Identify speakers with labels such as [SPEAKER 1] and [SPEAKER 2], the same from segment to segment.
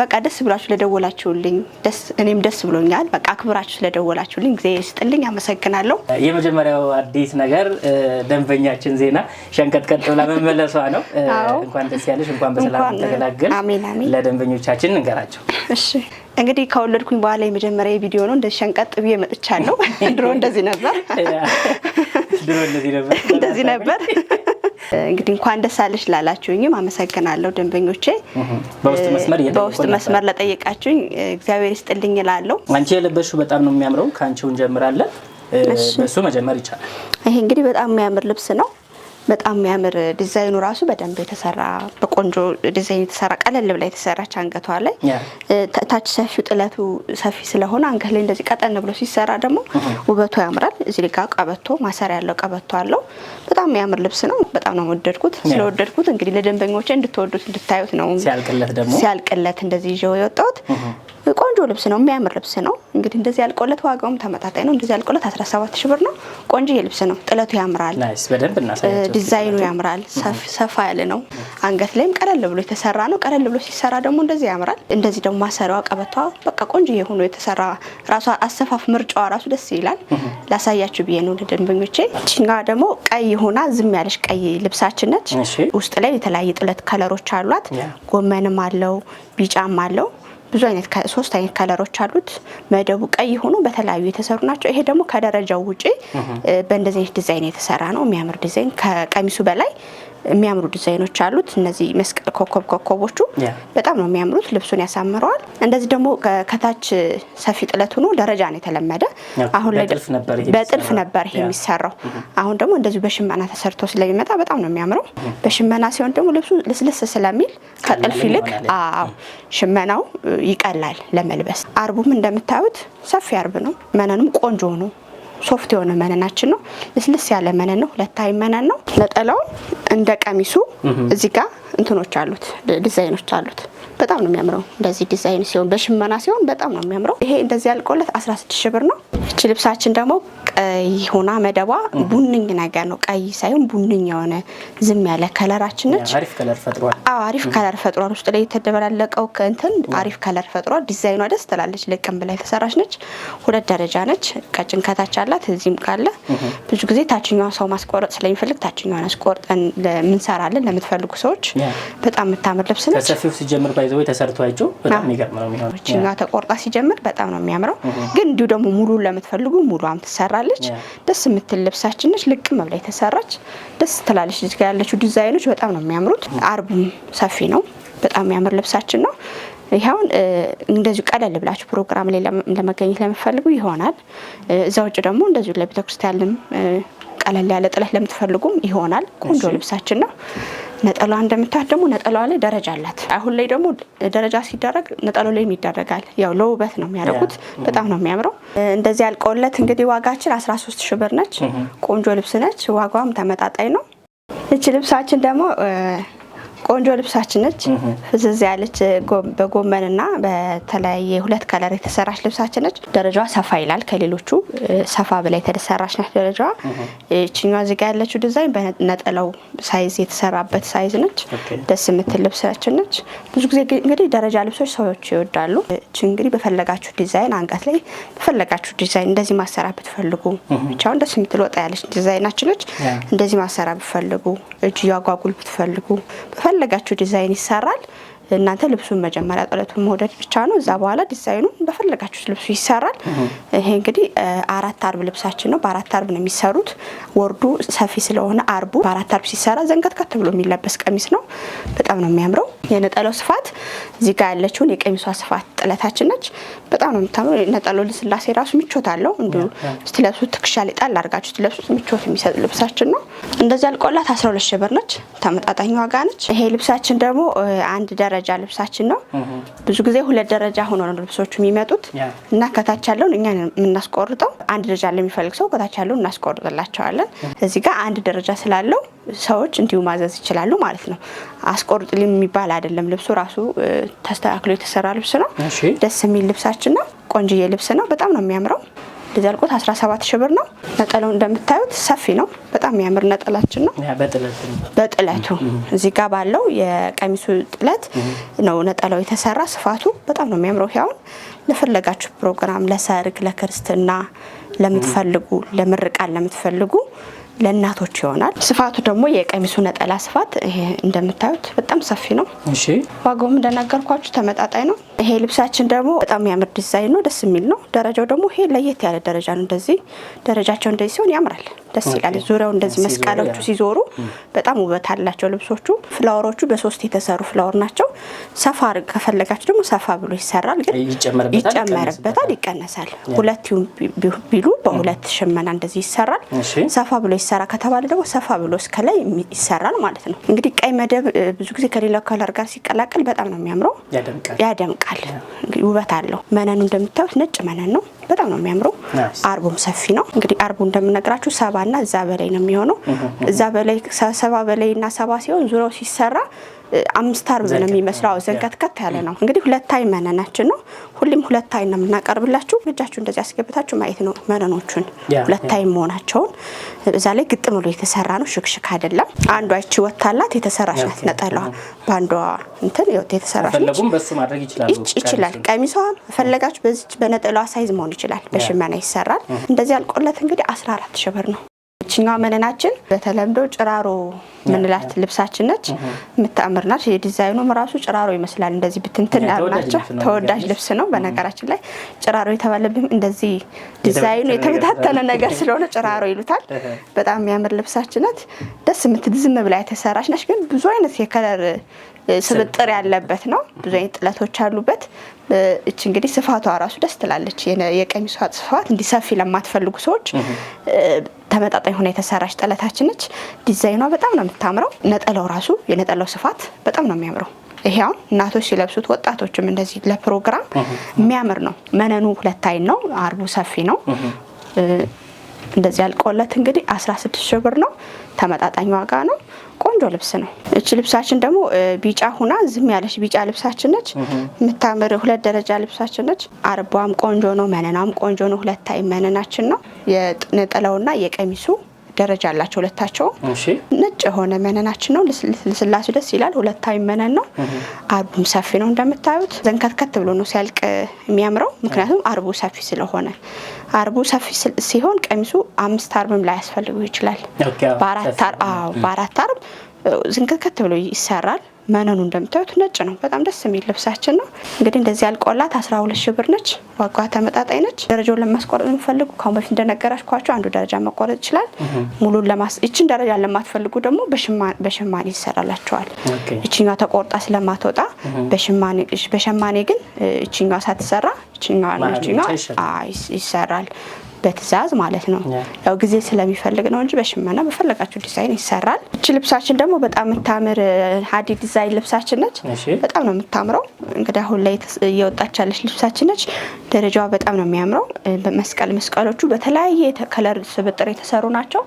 [SPEAKER 1] በቃ ደስ ብላችሁ ስለደወላችሁልኝ እኔም ደስ ብሎኛል። በቃ አክብራችሁ ስለደወላችሁልኝ ጊዜ ስጥልኝ፣ አመሰግናለሁ።
[SPEAKER 2] የመጀመሪያው አዲስ ነገር ደንበኛችን ዜና ሸንቀጥቀጥ ብላ መመለሷ ነው። እንኳን ደስ ያለሽ፣ እንኳን በሰላም አሜን። ለደንበኞቻችን እንገራቸው
[SPEAKER 1] እሺ። እንግዲህ ከወለድኩኝ በኋላ የመጀመሪያ ቪዲዮ ነው። እንደዚህ ሸንቀጥ ብዬ መጥቻለሁ። ድሮ እንደዚህ ነበር፣ ድሮ እንደዚህ ነበር እንግዲህ እንኳን ደስ አለሽ ላላችሁኝም አመሰግናለሁ። ደንበኞቼ በውስጥ መስመር ለጠየቃችሁኝ እግዚአብሔር ይስጥልኝ እላለሁ።
[SPEAKER 2] አንቺ የለበሽው በጣም ነው የሚያምረው። ከአንቺው እንጀምራለን። እሱ መጀመር ይቻላል።
[SPEAKER 1] ይሄ እንግዲህ በጣም የሚያምር ልብስ ነው። በጣም የሚያምር ዲዛይኑ ራሱ በደንብ የተሰራ በቆንጆ ዲዛይን የተሰራ ቀለል ብላ የተሰራች አንገቷ ላይ ታች ሰፊው ጥለቱ ሰፊ ስለሆነ አንገት ላይ እንደዚህ ቀጠን ብሎ ሲሰራ ደግሞ ውበቱ ያምራል። እዚህ ጋ ቀበቶ ማሰሪያ ያለው ቀበቶ አለው። በጣም የሚያምር ልብስ ነው። በጣም ነው ወደድኩት። ስለወደድኩት እንግዲህ ለደንበኞች እንድትወዱት እንድታዩት ነው።
[SPEAKER 2] ሲያልቅለት ደግሞ
[SPEAKER 1] ሲያልቅለት እንደዚህ ይዤው የወጣሁት ቆንጆ ልብስ ነው፣ የሚያምር ልብስ ነው። እንግዲህ እንደዚህ ያልቆለት ዋጋውም ተመጣጣኝ ነው። እንደዚህ ያልቆለት 17 ሺህ ብር ነው። ቆንጆ የልብስ ነው። ጥለቱ ያምራል፣ ዲዛይኑ ያምራል፣ ሰፋ ያለ ነው። አንገት ላይም ቀለል ብሎ የተሰራ ነው። ቀለል ብሎ ሲሰራ ደግሞ እንደዚህ ያምራል። እንደዚህ ደግሞ ማሰሪያዋ፣ ቀበቷ በቃ ቆንጆ የሆኑ የተሰራ ራሷ አሰፋፍ ምርጫዋ ራሱ ደስ ይላል። ላሳያችሁ ብዬ ነው ለደንበኞቼ። ቺንጋ ደግሞ ቀይ ሆና ዝም ያለች ቀይ ልብሳችን ነች። ውስጥ ላይ የተለያየ ጥለት ከለሮች አሏት። ጎመንም አለው፣ ቢጫም አለው ብዙ አይነት ሶስት አይነት ከለሮች አሉት። መደቡ ቀይ ሆኖ በተለያዩ የተሰሩ ናቸው። ይሄ ደግሞ ከደረጃው ውጪ በእንደዚህ አይነት ዲዛይን የተሰራ ነው። የሚያምር ዲዛይን ከቀሚሱ በላይ የሚያምሩ ዲዛይኖች አሉት። እነዚህ መስቀል ኮከብ ኮከቦቹ በጣም ነው የሚያምሩት፣ ልብሱን ያሳምረዋል። እንደዚህ ደግሞ ከታች ሰፊ ጥለት ሆኖ ደረጃ ነው የተለመደ። አሁን ላይ በጥልፍ ነበር ይሄ የሚሰራው። mm-hmm. አሁን ደግሞ እንደዚሁ በሽመና ተሰርቶ ስለሚመጣ በጣም ነው የሚያምረው። mm-hmm. በሽመና ሲሆን ደግሞ ልብሱ ልስልስ ስለሚል ከጥልፍ ይልቅ አዎ mm-hmm. ሽመናው ይቀላል ለመልበስ። አርቡም እንደምታዩት ሰፊ አርብ ነው። መነንም ቆንጆ ነው። ሶፍት የሆነ መነናችን ነው። ልስልስ ያለ መነን ነው። ሁለታይ መነን ነው። ነጠላው እንደ ቀሚሱ እዚህ ጋር እንትኖች አሉት፣ ዲዛይኖች አሉት። በጣም ነው የሚያምረው። እንደዚህ ዲዛይን ሲሆን በሽመና ሲሆን በጣም ነው የሚያምረው። ይሄ እንደዚህ ያልቆለት 16 ሺ ብር ነው። እቺ ልብሳችን ደግሞ ቀይ ሆና መደቧ ቡንኝ ነገር ነው። ቀይ ሳይሆን ቡንኝ የሆነ ዝም ያለ ከለራችን ነች። አሪፍ ከለር ፈጥሯል። ውስጥ ላይ የተደበላለቀው ከእንትን አሪፍ ከለር ፈጥሯል። ዲዛይኗ ደስ ትላለች። ልቅም ብላ የተሰራች ነች። ሁለት ደረጃ ነች። ቀጭን ከታች አላት። እዚህም ካለ ብዙ ጊዜ ታችኛዋ ሰው ማስቆረጥ ስለሚፈልግ ታችኛዋን አስቆርጠን ምንሰራለን ለምትፈልጉ ሰዎች በጣም የምታምር ልብስ
[SPEAKER 2] ነች። ከሰፊው ሲጀምር ባይዘወይ ተሰርቶ አይጩ በጣም የሚገርም
[SPEAKER 1] ነው ተቆርጣ ሲጀምር በጣም ነው የሚያምረው። ግን እንዲሁ ደግሞ ሙሉ ለምትፈልጉ ሙሉ ትሰራል ትኖራለች። ደስ የምትል ልብሳችን ነች። ልቅ ብላ የተሰራች ደስ ትላለች። ልጅ ጋር ያለችው ዲዛይኖች በጣም ነው የሚያምሩት። አርቡም ሰፊ ነው። በጣም የሚያምር ልብሳችን ነው። ይኸውን እንደዚሁ ቀለል ብላችሁ ፕሮግራም ላይ ለመገኘት ለምፈልጉ ይሆናል። እዛ ውጭ ደግሞ እንደዚሁ ለቤተክርስቲያንም ቀለል ያለ ጥለት ለምትፈልጉም ይሆናል። ቆንጆ ልብሳችን ነው። ነጠላ እንደምታዩት ደግሞ ነጠላዋ ላይ ደረጃ አላት። አሁን ላይ ደግሞ ደረጃ ሲደረግ ነጠላው ላይም ይደረጋል። ያው ለውበት ነው የሚያደርጉት። በጣም ነው የሚያምረው። እንደዚህ ያልቀውለት እንግዲህ ዋጋችን 13 ሺህ ብር ነች። ቆንጆ ልብስ ነች። ዋጋዋም ተመጣጣኝ ነው። እች ልብሳችን ደግሞ ቆንጆ ልብሳችን ነች። ፍዝዝ ያለች በጎመንና በተለያየ ሁለት ከለር የተሰራች ልብሳችን ነች። ደረጃዋ ሰፋ ይላል። ከሌሎቹ ሰፋ ብላ የተሰራች ናት ደረጃዋ። ይችኛዋ ዚጋ ያለችው ዲዛይን በነጠላው ሳይዝ የተሰራበት ሳይዝ ነች። ደስ የምትል ልብሳችን ነች። ብዙ ጊዜ እንግዲህ ደረጃ ልብሶች ሰዎች ይወዳሉ። እች እንግዲህ በፈለጋችሁ ዲዛይን አንገት ላይ በፈለጋችሁ ዲዛይን እንደዚህ ማሰራ ብትፈልጉ ብቻውን ደስ የምትል ወጣ ያለች ዲዛይናችን ነች። እንደዚህ ማሰራ ብትፈልጉ እጅ ያጓጉል ብትፈልጉ በፈለጋችሁ ዲዛይን ይሰራል። እናንተ ልብሱን መጀመሪያ ጥለቱን መውደድ ብቻ ነው። እዛ በኋላ ዲዛይኑ በፈለጋችሁት ልብሱ ይሰራል። ይሄ እንግዲህ አራት አርብ ልብሳችን ነው። በአራት አርብ ነው የሚሰሩት። ወርዱ ሰፊ ስለሆነ አርቡ በአራት አርብ ሲሰራ ከት ብሎ የሚለበስ ቀሚስ ነው። በጣም ነው የሚያምረው። የነጠላው ስፋት እዚህ ጋር ያለችውን የቀሚሷ ስፋት ጥለታችን ነች። በጣም ነው የምታምረው። ነጠላው ልስላሴ ራሱ ምቾት አለው። እንዲሁ ስትለብሱት ትከሻ ላይ ጣል አድርጋችሁ ስትለብሱ ምቾት የሚሰጥ ልብሳችን ነው። እንደዚህ አልቆላት 12 ሺህ ብር ነች። ተመጣጣኝ ዋጋ ነች። ይሄ ልብሳችን ደግሞ አንድ ደረጃ ደረጃ ልብሳችን ነው። ብዙ ጊዜ ሁለት ደረጃ ሆኖ ነው ልብሶቹ የሚመጡት እና ከታች ያለውን እኛ የምናስቆርጠው አንድ ደረጃ ለሚፈልግ ሰው ከታች ያለውን እናስቆርጥላቸዋለን። እዚህ ጋር አንድ ደረጃ ስላለው ሰዎች እንዲሁ ማዘዝ ይችላሉ ማለት ነው። አስቆርጥልኝ የሚባል አይደለም። ልብሱ ራሱ ተስተካክሎ የተሰራ ልብስ ነው። ደስ የሚል ልብሳችን ነው። ቆንጅዬ ልብስ ነው። በጣም ነው የሚያምረው። ሊዘልቁት 17 ሺ ብር ነው። ነጠላው እንደምታዩት ሰፊ ነው። በጣም የሚያምር ነጠላችን ነው። በጥለቱ እዚህ ጋር ባለው የቀሚሱ ጥለት ነው ነጠላው የተሰራ። ስፋቱ በጣም ነው የሚያምረው። ያውን ለፈለጋችሁ ፕሮግራም፣ ለሰርግ፣ ለክርስትና ለምትፈልጉ ለምርቃን ለምትፈልጉ ለእናቶች ይሆናል። ስፋቱ ደግሞ የቀሚሱ ነጠላ ስፋት ይሄ እንደምታዩት በጣም ሰፊ ነው። እሺ ዋጋውም እንደነገርኳችሁ ተመጣጣኝ ነው። ይሄ ልብሳችን ደግሞ በጣም የሚያምር ዲዛይን ነው፣ ደስ የሚል ነው። ደረጃው ደግሞ ይሄ ለየት ያለ ደረጃ ነው። እንደዚህ ደረጃቸው እንደዚህ ሲሆን ያምራል፣ ደስ ይላል። ዙሪያው እንደዚህ መስቀሎቹ ሲዞሩ በጣም ውበት አላቸው ልብሶቹ። ፍላወሮቹ በሶስት የተሰሩ ፍላወር ናቸው። ሰፋ ከፈለጋችሁ ደግሞ ሰፋ ብሎ ይሰራል፣ ግን ይጨመርበታል፣ ይቀነሳል። ሁለት ቢሉ በሁለት ሽመና እንደዚህ ይሰራል፣ ሰፋ ብሎ ይሰራል። ይሰራ ከተባለ ደግሞ ሰፋ ብሎ እስከ ላይ ይሰራል ማለት ነው። እንግዲህ ቀይ መደብ ብዙ ጊዜ ከሌላው ከለር ጋር ሲቀላቀል በጣም ነው የሚያምረው፣ ያደምቃል፣ ውበት አለው። መነኑ እንደምታዩት ነጭ መነን ነው። በጣም ነው የሚያምረው። አርቡም ሰፊ ነው። እንግዲህ አርቡ እንደምነግራችሁ እና እዛ በላይ ነው የሚሆነው። እዛ በላይ ሰባ በላይ እና ሰባ ሲሆን ዙሪያው ሲሰራ አምስት አርብ ነው የሚመስለው። ዘንከትከት ያለ ነው እንግዲህ ሁለት አይ መነናችን ነው። ሁሌም ሁለት አይ ነው የምናቀርብላችሁ። እጃችሁ እንደዚህ አስገብታችሁ ማየት ነው መነኖቹን ሁለት አይ መሆናቸውን። እዛ ላይ ግጥም ብሎ የተሰራ ነው፣ ሽክሽክ አይደለም። አንዷ አይቺ ወታላት የተሰራች ናት። ነጠላዋ በአንዷ እንትን የተሰራች ይችላል። ቀሚሷ ፈለጋችሁ በዚች በነጠላዋ ሳይዝ መሆን ይችላል። በሽመና ይሰራል። እንደዚህ አልቆለት እንግዲህ 14 ሺህ ብር ነው ይችኛዋ መነናችን በተለምዶ ጭራሮ ምንላት ልብሳችን ነች። የምታምር ናት። የዲዛይኑም ራሱ ጭራሮ ይመስላል። እንደዚህ ብትንትን ያሉ ናቸው። ተወዳጅ ልብስ ነው። በነገራችን ላይ ጭራሮ የተባለብም እንደዚህ ዲዛይኑ የተበታተነ ነገር ስለሆነ ጭራሮ ይሉታል። በጣም የሚያምር ልብሳችን ናት። ደስ የምትዝም ብላ የተሰራች ነች። ግን ብዙ አይነት የከለር ስብጥር ያለበት ነው። ብዙ አይነት ጥለቶች አሉበት። እች እንግዲህ ስፋቷ ራሱ ደስ ትላለች። የቀሚሷ ስፋት እንዲሰፊ ለማትፈልጉ ሰዎች ተመጣጣኝ ሆና የተሰራች ጥለታችን ነች። ዲዛይኗ በጣም ነው የምታምረው። ነጠላው ራሱ የነጠላው ስፋት በጣም ነው የሚያምረው። ይሄ አሁን እናቶች ሲለብሱት ወጣቶችም እንደዚህ ለፕሮግራም የሚያምር ነው። መነኑ ሁለት አይን ነው። አርቡ ሰፊ ነው። እንደዚህ ያልቆለት እንግዲህ 16 ሺህ ብር ነው። ተመጣጣኝ ዋጋ ነው። ቆንጆ ልብስ ነው። እች ልብሳችን ደግሞ ቢጫ ሁና ዝም ያለች ቢጫ ልብሳችን ነች። የምታምር ሁለት ደረጃ ልብሳችን ነች። አርቧም ቆንጆ ነው። መነናም ቆንጆ ነው። ሁለት ታይ መነናችን ነው። የነጠላውና የቀሚሱ ደረጃ አላቸው ሁለታቸውም። ነጭ የሆነ መነናችን ነው። ልስላሴ ደስ ይላል። ሁለታዊ መነን ነው። አርቡም ሰፊ ነው እንደምታዩት። ዘንከትከት ብሎ ነው ሲያልቅ የሚያምረው። ምክንያቱም አርቡ ሰፊ ስለሆነ አርቡ ሰፊ ሲሆን ቀሚሱ አምስት አርብም ላይ ያስፈልገው ይችላል። በአራት አርብ ዝንከትከት ብሎ ይሰራል። መነኑ እንደምታዩት ነጭ ነው። በጣም ደስ የሚል ልብሳችን ነው። እንግዲህ እንደዚህ ያልቆላት አስራ ሁለት ሺህ ብር ነች። ዋጋዋ ተመጣጣኝ ነች። ደረጃውን ለማስቆረጥ የሚፈልጉ ከአሁን በፊት እንደነገራችኋቸው አንዱ ደረጃ መቆረጥ ይችላል። ሙሉን ለማስ ይችን ደረጃ ለማትፈልጉ ደግሞ በሸማኔ ይሰራላቸዋል። ይችኛዋ ተቆርጣ ስለማትወጣ በሸማኔ ግን ይችኛዋ ሳትሰራ ይችኛዋ ይሰራል። በትዛዝ ማለት ነው። ያው ጊዜ ስለሚፈልግ ነው እንጂ በሽመና በፈለጋችሁ ዲዛይን ይሰራል። እቺ ልብሳችን ደግሞ በጣም የምታምር ሀዲ ዲዛይን ልብሳችን ነች። በጣም ነው የምታምረው። እንግዲህ አሁን ላይ እየወጣች ያለች ልብሳችን ነች። ደረጃዋ በጣም ነው የሚያምረው። በመስቀል መስቀሎቹ በተለያየ ከለር ስብጥር የተሰሩ ናቸው።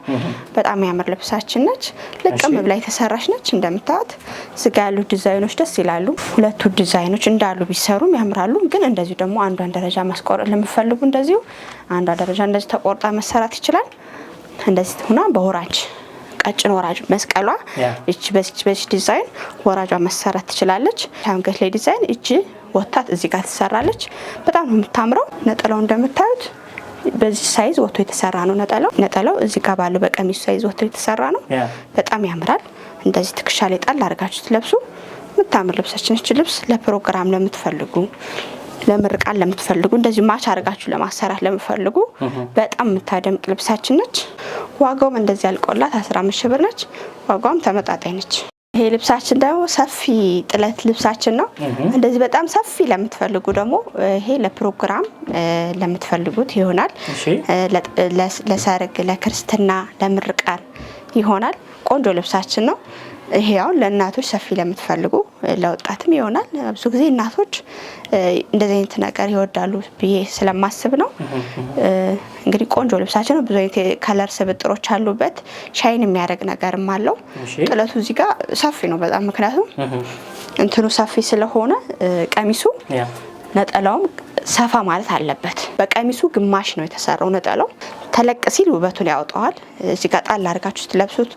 [SPEAKER 1] በጣም የሚያምር ልብሳችን ነች። ልቅም ብላ የተሰራች ነች። እንደምታዩት ስጋ ያሉት ዲዛይኖች ደስ ይላሉ። ሁለቱ ዲዛይኖች እንዳሉ ቢሰሩም ያምራሉ። ግን እንደዚሁ ደግሞ አንዷን ደረጃ ማስቆረጥ ለምፈልጉ እንደዚሁ አንዷ ደረጃ እንደዚህ ተቆርጣ መሰራት ይችላል። እንደዚህ ሆና በወራጅ ቀጭን ወራጅ መስቀሏ እቺ በዚች በዚች ዲዛይን ወራጇ መሰራት ትችላለች። አንገት ላይ ዲዛይን እቺ ወታት እዚህ ጋር ትሰራለች። በጣም ነው የምታምረው። ነጠላው እንደምታዩት በዚህ ሳይዝ ወጥቶ የተሰራ ነው። ነጠላው ነጠላው እዚህ ጋር ባለው በቀሚሱ ሳይዝ ወጥቶ የተሰራ ነው። በጣም ያምራል። እንደዚህ ትከሻ ላይ ጣል አድርጋችሁ ትለብሱ የምታምር ልብሳችን። እቺ ልብስ ለፕሮግራም ለምትፈልጉ ለምርቃን ለምትፈልጉ እንደዚሁ ማች አድርጋችሁ ለማሰራት ለምትፈልጉ በጣም የምታደምቅ ልብሳችን ነች። ዋጋውም እንደዚህ አልቆላት አስራ አምስት ሺህ ብር ነች። ዋጋውም ተመጣጣኝ ነች። ይሄ ልብሳችን ደግሞ ሰፊ ጥለት ልብሳችን ነው። እንደዚህ በጣም ሰፊ ለምትፈልጉ ደግሞ ይሄ ለፕሮግራም ለምትፈልጉት ይሆናል። ለሰርግ፣ ለክርስትና፣ ለምርቃን ይሆናል። ቆንጆ ልብሳችን ነው። ይሄ አሁን ለእናቶች ሰፊ ለምትፈልጉ ለወጣትም ይሆናል። ብዙ ጊዜ እናቶች እንደዚህ አይነት ነገር ይወዳሉ ብዬ ስለማስብ ነው። እንግዲህ ቆንጆ ልብሳችን ነው። ብዙ አይነት ከለር ስብጥሮች አሉበት። ሻይን የሚያደርግ ነገርም አለው። ጥለቱ እዚህ ጋር ሰፊ ነው በጣም ምክንያቱም እንትኑ ሰፊ ስለሆነ ቀሚሱ ነጠላውም ሰፋ ማለት አለበት። በቀሚሱ ግማሽ ነው የተሰራው ነጠላው። ተለቅ ሲል ውበቱን ያወጣዋል። እዚህ ጋር ጣል አድርጋችሁ ስትለብሱት፣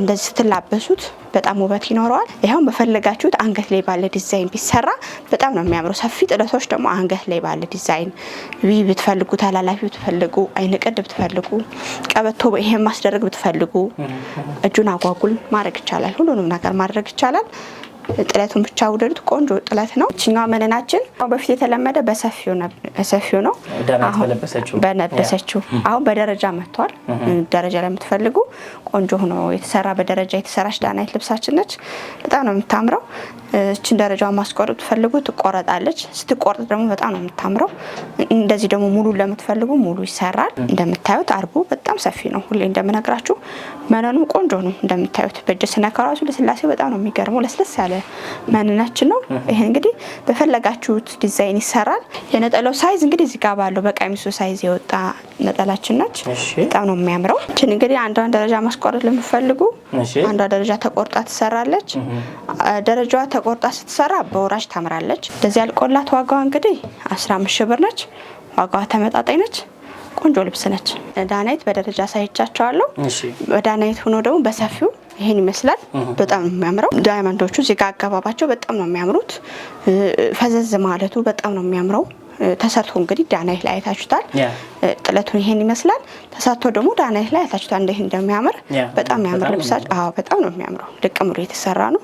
[SPEAKER 1] እንደዚህ ስትላበሱት በጣም ውበት ይኖረዋል። ይኸውም በፈለጋችሁት አንገት ላይ ባለ ዲዛይን ቢሰራ በጣም ነው የሚያምረው። ሰፊ ጥለቶች ደግሞ አንገት ላይ ባለ ዲዛይን ቪ ብትፈልጉ፣ ተላላፊ ብትፈልጉ፣ አይንቅድ ብትፈልጉ፣ ቀበቶ ይሄን ማስደረግ ብትፈልጉ፣ እጁን አጓጉል ማድረግ ይቻላል። ሁሉንም ነገር ማድረግ ይቻላል። ጥለቱን ብቻ ውደዱት። ቆንጆ ጥለት ነው። እችኛ መነናችን በፊት የተለመደ በሰፊው ነው። በለበሰችው አሁን በደረጃ መጥቷል። ደረጃ ላይ የምትፈልጉ ቆንጆ ሆኖ የተሰራ በደረጃ የተሰራች ዳናይት ልብሳችን ነች። በጣም ነው የምታምረው። እችን ደረጃውን ማስቆረጥ ትፈልጉ ትቆረጣለች። ስትቆረጥ ደግሞ በጣም ነው የምታምረው። እንደዚህ ደግሞ ሙሉ ለምትፈልጉ ሙሉ ይሰራል። እንደምታዩት አርቡ በጣም ሰፊ ነው። ሁሌ እንደምነግራችሁ መነኑ ቆንጆ ነው። እንደምታዩት በእጅ ስነካ ራሱ ለስላሴው በጣም ነው የሚገርመው። ለስለስ ያለ ማንናችን ነው። ይሄ እንግዲህ በፈለጋችሁት ዲዛይን ይሰራል። የነጠላው ሳይዝ እንግዲህ እዚህ ጋር ባለው በቀሚሱ ሳይዝ የወጣ ነጠላችን ናች። በጣም ነው የሚያምረው። ይችን እንግዲህ አንዷን ደረጃ ማስቆረጥ ለምፈልጉ አንዷ ደረጃ ተቆርጣ ትሰራለች። ደረጃዋ ተቆርጣ ስትሰራ በወራጅ ታምራለች። እንደዚህ ያልቆላት ዋጋዋ እንግዲህ 15 ሺህ ብር ነች። ዋጋዋ ተመጣጣኝ ነች። ቆንጆ ልብስ ነች። ዳናይት በደረጃ ሳይቻቸዋለሁ። ዳናይት ሆኖ ደግሞ በሰፊው ይሄን ይመስላል። በጣም ነው የሚያምረው። ዳይመንዶቹ እዚህ ጋር አገባባቸው በጣም ነው የሚያምሩት። ፈዘዝ ማለቱ በጣም ነው የሚያምረው። ተሰርቶ እንግዲህ ዳናይት ላይ አይታችሁታል። ጥለቱን ይሄን ይመስላል። ተሰርቶ ደግሞ ዳናይት ላይ አይታችሁታል እንዴት እንደሚያምር በጣም የሚያምር ልብስ። አዎ በጣም ነው የሚያምረው። ልቅም ብሎ የተሰራ ነው።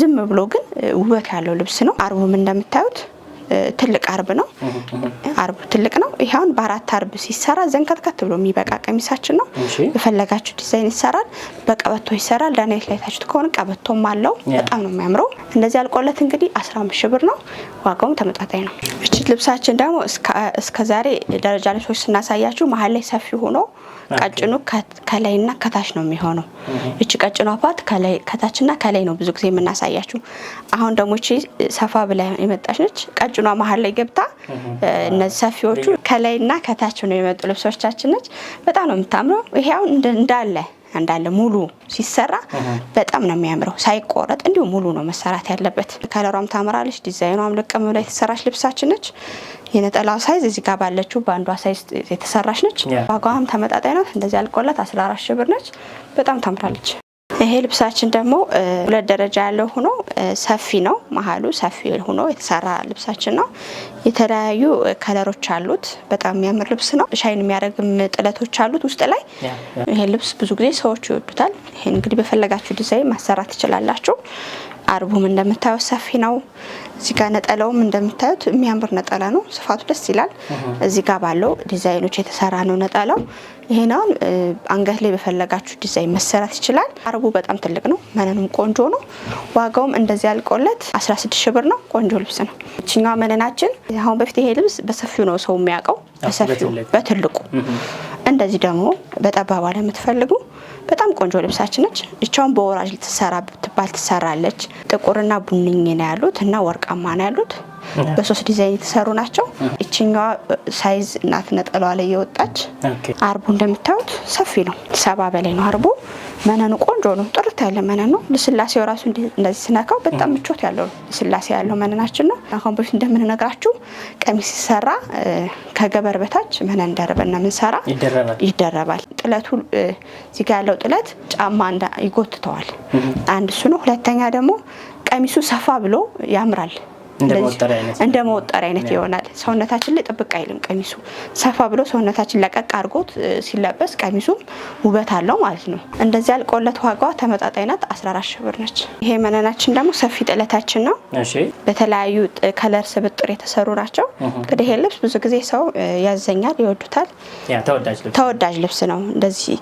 [SPEAKER 1] ዝም ብሎ ግን ውበት ያለው ልብስ ነው። አርቡም እንደምታዩት ትልቅ አርብ ነው። አርብ ትልቅ ነው። ይሄውን በአራት አርብ ሲሰራ ዘንከትከት ብሎ የሚበቃ ቀሚሳችን ነው። የፈለጋችሁ ዲዛይን ይሰራል። በቀበቶ ይሰራል። ዳንኤል ላይ ታችሁት ከሆነ ቀበቶም አለው። በጣም ነው የሚያምረው። እንደዚህ አልቆለት እንግዲህ 15 ሺህ ብር ነው። ዋጋውም ተመጣጣኝ ነው። ልብሳችን ደግሞ እስከ ዛሬ ደረጃ ልብሶች ስናሳያችሁ መሀል ላይ ሰፊ ሆኖ ቀጭኑ ከላይና ከታች ነው የሚሆነው። እቺ ቀጭኗ አፓት ከታችና ከላይ ነው ብዙ ጊዜ የምናሳያችሁ። አሁን ደግሞ እቺ ሰፋ ብላ የመጣች ነች። ቀጭኗ መሀል ላይ ገብታ እነዚህ ሰፊዎቹ ከላይና ከታች ነው የመጡ ልብሶቻችን ነች። በጣም ነው የምታምረው። ይሄ አሁን እንዳለ እንዳለ ሙሉ ሲሰራ በጣም ነው የሚያምረው። ሳይቆረጥ እንዲሁ ሙሉ ነው መሰራት ያለበት። ከለሯም ታምራለች። ዲዛይኗም ልቅም ብላ የተሰራች ልብሳችን ነች። የነጠላው ሳይዝ እዚህ ጋር ባለችው በአንዷ ሳይዝ የተሰራች ነች። ዋጋዋም ተመጣጣኝ ናት። እንደዚህ አልቆላት አስራ አራት ብር ነች። በጣም ታምራለች። ይሄ ልብሳችን ደግሞ ሁለት ደረጃ ያለው ሆኖ ሰፊ ነው። መሀሉ ሰፊ ሆኖ የተሰራ ልብሳችን ነው። የተለያዩ ከለሮች አሉት። በጣም የሚያምር ልብስ ነው። ሻይን የሚያደርግም ጥለቶች አሉት ውስጥ ላይ። ይሄ ልብስ ብዙ ጊዜ ሰዎች ይወዱታል። ይሄ እንግዲህ በፈለጋችሁ ዲዛይን ማሰራት ትችላላችሁ። አርቡም እንደምታዩት ሰፊ ነው። እዚህ ጋር ነጠላውም እንደምታዩት የሚያምር ነጠላ ነው። ስፋቱ ደስ ይላል። እዚህ ጋር ባለው ዲዛይኖች የተሰራ ነው ነጠላው። ይሄን አሁን አንገት ላይ በፈለጋችሁ ዲዛይን መሰራት ይችላል። አርቡ በጣም ትልቅ ነው፣ መነኑም ቆንጆ ነው። ዋጋውም እንደዚህ ያልቆለት 16 ሺህ ብር ነው። ቆንጆ ልብስ ነው። እችኛዋ መነናችን አሁን በፊት ይሄ ልብስ በሰፊው ነው ሰው የሚያውቀው፣ በሰፊው በትልቁ እንደዚህ ደግሞ በጠባባ ላይ የምትፈልጉ በጣም ቆንጆ ልብሳችን ነች። እቻውን በወራጅ ልትሰራ ብትባል ትሰራለች። ጥቁርና ቡንኝ ነው ያሉት እና ወርቃማ ነው ያሉት በሶስት ዲዛይን የተሰሩ ናቸው። ይችኛዋ ሳይዝ እናት ነጠሏ ላይ የወጣች አርቡ እንደምታዩት ሰፊ ነው። ሰባ በላይ ነው አርቡ። መነኑ ቆንጆ ነው። ጥርት ያለ መነን ነው። ልስላሴው ራሱ እንደዚህ ስነካው በጣም ምቾት ያለው ልስላሴ ያለው መነናችን ነው። አሁን በፊት እንደምንነግራችሁ ቀሚስ ሲሰራ ከገበር በታች መነን እንደርበና ምንሰራ ይደረባል። ጥለቱ እዚጋ ያለው ጥለት ጫማ ይጎትተዋል። አንድ እሱ ነው። ሁለተኛ ደግሞ ቀሚሱ ሰፋ ብሎ ያምራል። እንደ መወጠሪያ አይነት ይሆናል። ሰውነታችን ላይ ጥብቅ አይልም ቀሚሱ። ሰፋ ብሎ ሰውነታችን ለቀቅ አድርጎት ሲለበስ ቀሚሱም ውበት አለው ማለት ነው። እንደዚህ ያልቆለት ዋጋዋ ተመጣጣኝ ናት፣ 14 ሺህ ብር ነች። ይሄ መነናችን ደግሞ ሰፊ ጥለታችን ነው። በተለያዩ ከለር ስብጥር የተሰሩ ናቸው። እንግዲህ ይሄ ልብስ ብዙ ጊዜ ሰው ያዘኛል፣ ይወዱታል። ተወዳጅ ልብስ ነው። እንደዚህ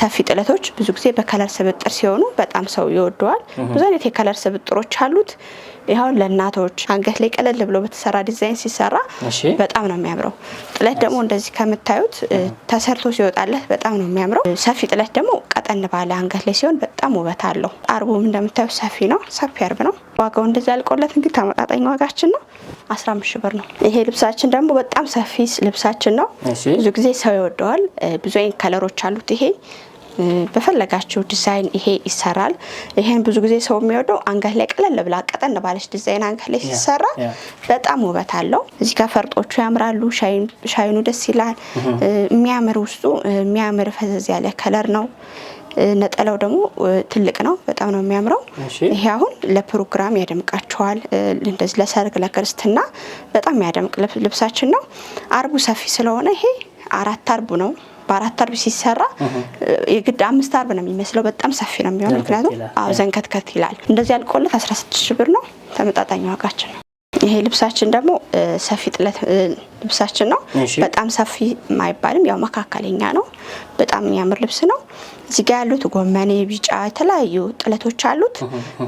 [SPEAKER 1] ሰፊ ጥለቶች ብዙ ጊዜ በከለር ስብጥር ሲሆኑ በጣም ሰው ይወደዋል። ብዙ አይነት የከለር ስብጥሮች አሉት። ይኸውን ለእናቶች አንገት ላይ ቀለል ብሎ በተሰራ ዲዛይን ሲሰራ በጣም ነው የሚያምረው። ጥለት ደግሞ እንደዚህ ከምታዩት ተሰርቶ ሲወጣለህ በጣም ነው የሚያምረው። ሰፊ ጥለት ደግሞ ቀጠን ባለ አንገት ላይ ሲሆን በጣም ውበት አለው። አርቡም እንደምታዩት ሰፊ ነው፣ ሰፊ አርብ ነው። ዋጋው እንደዚህ ያልቆለት እንግዲህ ተመጣጣኝ ዋጋችን ነው፣ 15 ሺህ ብር ነው። ይሄ ልብሳችን ደግሞ በጣም ሰፊ ልብሳችን ነው። ብዙ ጊዜ ሰው ይወደዋል። ብዙ አይነት ከለሮች አሉት ይሄ በፈለጋችሁ ዲዛይን ይሄ ይሰራል። ይሄን ብዙ ጊዜ ሰው የሚወደው አንገት ላይ ቀለል ብላ ቀጠን ባለች ዲዛይን አንገት ላይ ሲሰራ በጣም ውበት አለው። እዚህ ጋር ፈርጦቹ ያምራሉ፣ ሻይኑ ደስ ይላል። የሚያምር ውስጡ የሚያምር ፈዘዝ ያለ ከለር ነው። ነጠላው ደግሞ ትልቅ ነው። በጣም ነው የሚያምረው። ይሄ አሁን ለፕሮግራም ያደምቃቸዋል። እንደዚህ ለሰርግ፣ ለክርስትና በጣም ያደምቅ ልብሳችን ነው። አርቡ ሰፊ ስለሆነ ይሄ አራት አርቡ ነው። በአራት አርብ ሲሰራ የግድ አምስት አርብ ነው የሚመስለው። በጣም ሰፊ ነው የሚሆነው፣ ምክንያቱም ዘንከትከት ይላል። እንደዚህ ያልቆለት 16 ሺ ብር ነው። ተመጣጣኝ ዋጋችን ነው። ይሄ ልብሳችን ደግሞ ሰፊ ጥለት ልብሳችን ነው። በጣም ሰፊ አይባልም፣ ያው መካከለኛ ነው። በጣም የሚያምር ልብስ ነው። እዚህ ጋ ያሉት ጎመኔ፣ ቢጫ የተለያዩ ጥለቶች አሉት።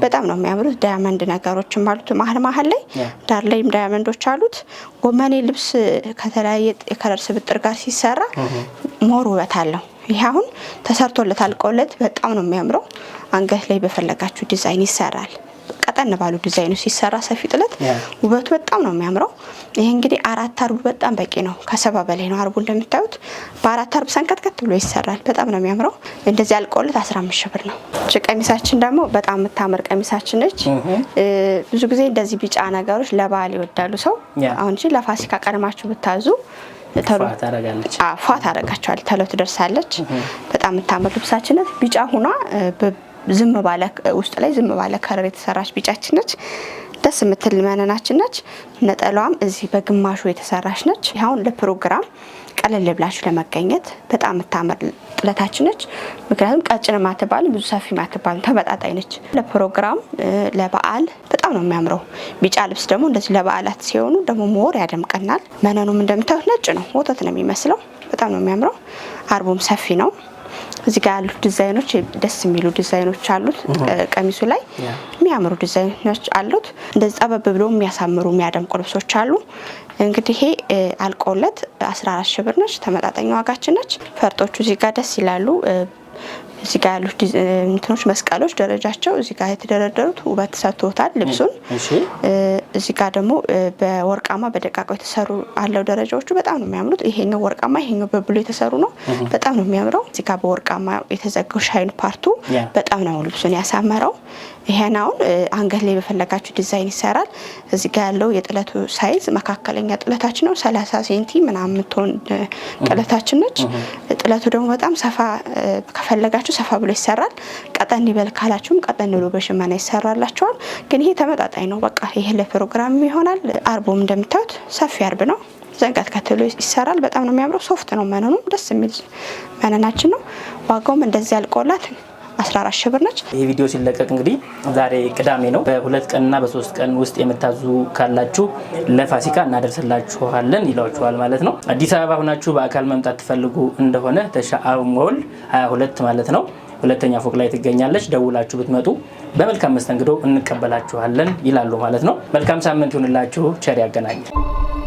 [SPEAKER 1] በጣም ነው የሚያምሩት። ዳያመንድ ነገሮችም አሉት መሀል መሀል ላይ ዳር ላይም ዳያመንዶች አሉት። ጎመኔ ልብስ ከተለያየ የከለር ስብጥር ጋር ሲሰራ ሞር ውበት አለው። ይህ አሁን ተሰርቶለት አልቆለት በጣም ነው የሚያምረው። አንገት ላይ በፈለጋችሁ ዲዛይን ይሰራል። ቀጠን ባሉ ዲዛይኑ ሲሰራ ሰፊ ጥለት ውበቱ በጣም ነው የሚያምረው። ይሄ እንግዲህ አራት አርቡ በጣም በቂ ነው። ከሰባ በላይ ነው አርቡ እንደምታዩት በአራት አርብ ሰንቀጥቀጥ ብሎ ይሰራል። በጣም ነው የሚያምረው። እንደዚህ አልቆለት 15 ሺህ ብር ነው። እሺ ቀሚሳችን ደግሞ በጣም የምታምር ቀሚሳችን ነች። ብዙ ጊዜ እንደዚህ ቢጫ ነገሮች ለበዓል ይወዳሉ ሰው አሁን እንጂ ለፋሲካ ቀድማችሁ ብታዙ ፏ ታደርጋቸዋል ተለው ትደርሳለች። በጣም የምታምር ልብሳችን ቢጫ ሁኗ ዝም ባለ ውስጥ ላይ ዝም ባለ ከረር የተሰራች ቢጫችን ነች። ደስ የምትል መነናችን ነች። ነጠላዋም እዚህ በግማሹ የተሰራች ነች። ይኸውን ለፕሮግራም ቀለል ብላችሁ ለመገኘት በጣም የምታምር ጥለታችን ነች። ምክንያቱም ቀጭን አትባልም፣ ብዙ ሰፊ አትባልም፣ ተመጣጣኝ ነች። ለፕሮግራም ለበዓል በጣም ነው የሚያምረው። ቢጫ ልብስ ደግሞ እንደዚህ ለበዓላት ሲሆኑ ደግሞ ሞር ያደምቀናል። መነኑም እንደምታዩት ነጭ ነው፣ ወተት ነው የሚመስለው። በጣም ነው የሚያምረው። አርቡም ሰፊ ነው። እዚህ ጋር ያሉት ዲዛይኖች ደስ የሚሉ ዲዛይኖች አሉት። ቀሚሱ ላይ የሚያምሩ ዲዛይኖች አሉት። እንደዚህ ጠበብ ብሎ የሚያሳምሩ የሚያደምቁ ልብሶች አሉ። እንግዲህ ይሄ አልቆለት 14 ሺ ብር ነች። ተመጣጣኝ ዋጋችን ነች። ፈርጦቹ እዚህ ጋር ደስ ይላሉ። እዚህ ጋር ያሉት እንትኖች መስቀሎች ደረጃቸው እዚህ ጋር የተደረደሩት ውበት ሰጥቶታል ልብሱን። እዚህ ጋር ደግሞ በወርቃማ በደቃቀው የተሰሩ አለው ደረጃዎቹ በጣም ነው የሚያምሩት። ይሄኛው ወርቃማ ይሄኛው በብሉ የተሰሩ ነው። በጣም ነው የሚያምረው። እዚህ ጋር በወርቃማ የተዘጋው ሻይን ፓርቱ በጣም ነው ልብሱን ያሳመረው። ይሄን አሁን አንገት ላይ በፈለጋችሁ ዲዛይን ይሰራል። እዚህ ጋር ያለው የጥለቱ ሳይዝ መካከለኛ ጥለታችን ነው። 30 ሴንቲ ምናምን የምትሆን ጥለታችን ነች። ጥለቱ ደግሞ በጣም ሰፋ ከፈለጋችሁ ካላችሁ ሰፋ ብሎ ይሰራል። ቀጠን ይበል ካላችሁም ቀጠን ብሎ በሽመና ይሰራላችኋል። ግን ይሄ ተመጣጣኝ ነው። በቃ ይሄ ለፕሮግራም ይሆናል። አርቦም እንደምታዩት ሰፊ አርብ ነው። ዘንቀት ከትሎ ይሰራል። በጣም ነው የሚያምረው። ሶፍት ነው መነኑም ደስ የሚል መነናችን ነው። ዋጋውም እንደዚህ ያልቆላት 14 ሺህ ብር ነች። ይህ
[SPEAKER 2] ቪዲዮ ሲለቀቅ እንግዲህ ዛሬ ቅዳሜ ነው። በሁለት ቀንና በሶስት ቀን ውስጥ የምታዙ ካላችሁ ለፋሲካ እናደርስላችኋለን ይሏችኋል ማለት ነው። አዲስ አበባ ሁናችሁ በአካል መምጣት ትፈልጉ እንደሆነ ተሻአብ ሞል 22 ማለት ነው ሁለተኛ ፎቅ ላይ ትገኛለች። ደውላችሁ ብትመጡ በመልካም መስተንግዶ እንቀበላችኋለን ይላሉ ማለት ነው። መልካም ሳምንት ይሁንላችሁ። ቸር ያገናኛል።